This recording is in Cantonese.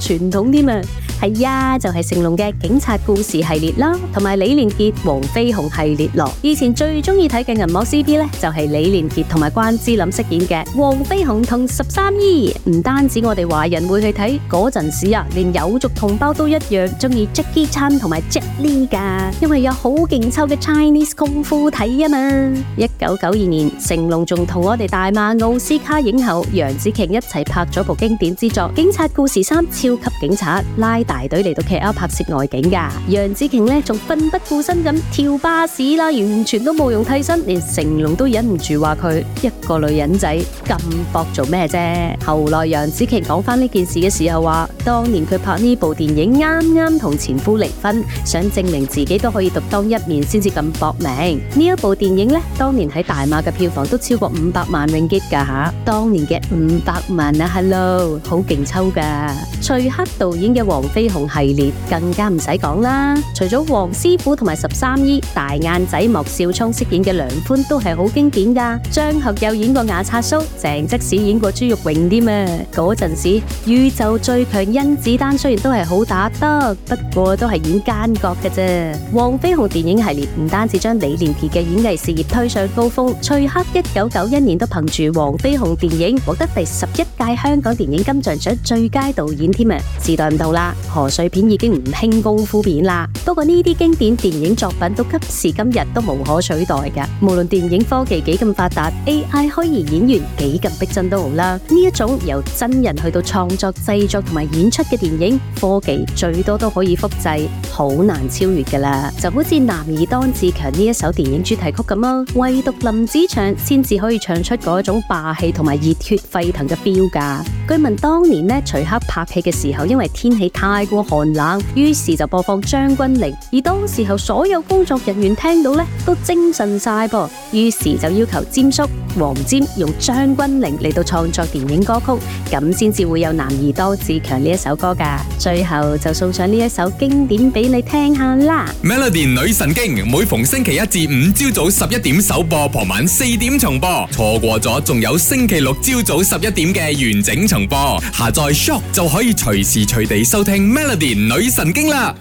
傳統添啊，係呀，就係成龍嘅警察故事系列啦，同埋李連杰《黃飛鴻》系列咯。以前最中意睇嘅銀幕 CP 咧，就係李連杰同埋關之琳飾演嘅《黃飛鴻》同十三姨。唔單止我哋華人會去睇，嗰陣時啊，連友族同胞都一樣中意 Jackie Chan 同埋 Jet Li 噶，因為有好勁抽嘅 Chinese 功夫睇啊嘛。一九九二年，成龍仲同我哋大馬奧斯卡影后楊紫瓊一齊拍咗部經典之作《警察故事三超》。超級警察，拉大隊嚟到劇啊拍攝外景㗎，楊紫瓊咧仲奮不顧身咁跳巴士啦，完全都冇用替身，連成龍都忍唔住話佢一個女人仔咁搏做咩啫？後來楊紫瓊講返呢件事嘅時候話，當年佢拍呢部電影啱啱同前夫離婚，想證明自己都可以獨當一面才這麼名，先至咁搏命。呢一部電影呢，當年喺大馬嘅票房都超過五百萬令吉噶吓，當年嘅五百萬啊，hello，好勁抽㗎。徐克導演嘅《黃飛鴻》系列更加唔使講啦，除咗黃師傅同埋十三姨，大眼仔莫少聰飾演嘅梁寬都係好經典噶。張學友演過牙擦蘇，鄭則仕演過豬肉榮啲嘛。嗰陣時，宇宙最強甄子丹雖然都係好打得，不過都係演奸角嘅啫。黃飛鴻電影系列唔單止將李連杰嘅演藝事業推上高峰，徐克一九九一年都憑住《黃飛鴻》電影獲得第十一屆香港電影金像獎最佳導演。時代唔到啦，賀歲片已經唔興功夫片啦。不過呢啲經典電影作品到今時今日都無可取代嘅。無論電影科技幾咁發達，AI 虛擬演員幾咁逼真都好啦。呢一種由真人去到創作、製作同埋演出嘅電影科技，最多都可以複製，好難超越噶啦。就好似《男兒當自強》呢一首電影主題曲咁咯，唯獨林子祥先至可以唱出嗰種霸氣同埋熱血沸騰嘅 feel 㗎。據聞當年呢，徐克拍戲嘅。時候因為天氣太過寒冷，於是就播放《將軍令》，而當時候所有工作人員聽到咧都精神晒噃，於是就要求霑叔黃霑用《將軍令》嚟到創作電影歌曲，咁先至會有《男兒當自強》呢一首歌噶。最後就送上呢一首經典俾你聽下啦，《Melody 女神經》每逢星期一至五朝早十一點首播，傍晚四點重播，錯過咗仲有星期六朝早十一點嘅完整重播，下載 shop 就可以。隨時隨地收聽 Melody 女神經啦！